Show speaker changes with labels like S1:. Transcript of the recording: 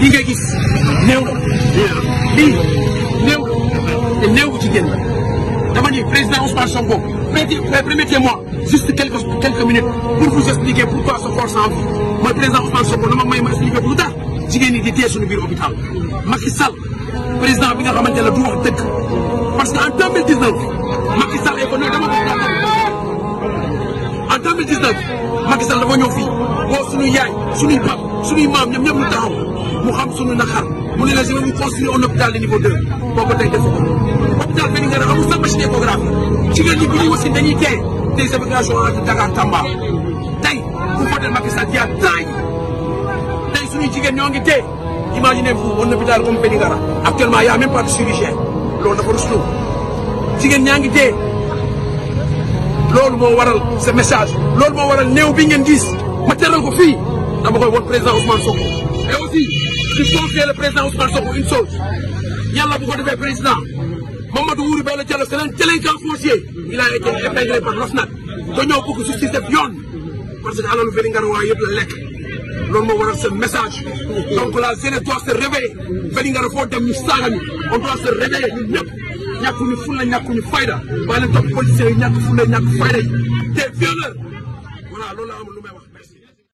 S1: li nga gis néew na lii néew te néew jigéen la dama ni président Ousmane Sonko permettez-moi juste quelques quelques minutes pour vous expliquer pourquoi ce corps sans vie mooy président Ousmane Sonko dama may ma expliquer lu tax jigéen ñi di téye suñu biir hôpital Macky Sall président bi nga xamante ne du wax dëgg parce que en 2019 Macky Sall ay ko non dama ko en 2019 Macky Sall dafa ñëw fii woo suñuy yaay suñuy pap suñuy maam ñoom ñoom ñu mu xam suñu naqar mu ne la je vais vous construire un de niveau 2 boobu tey defu ko hôpital bi nga ne amul sax machine échographie jigéen ñi bu ñuy wasin dañuy tee des évacuations entre Dakar Tamba tey ku votel Macky Sall yaa taay tey suñuy ñoo ngi te imaginez-vous un hôpital comme Pénigara actuellement y a même pas de chirurgien loolu dafa ruslu jigéen ñaa ngi tee loolu moo waral se message loolu moo waral néew bi ngeen gis ma teral ko fii dama koy won président Ousmane Sonko et aussi qui conseille le président Ousmane Sonko une chose yàlla bu ko defee président Mamadou Wouri Bella Diallo c'est un délinquant foncier il a été épinglé par l'OFNAC te ñoo bëgg suuf si def yoon parce que alalu Vélingara yëpp la lekk loolu moo waral seen message donc la jeunesse doit se réveiller Vélingara foo dem ñu saaga ñu on doit se réveiller ñun ñëpp ñàkkuñu fulla ñàkkuñu fayda waaye leen topp policiers yi fulla ñàkk fayda yi te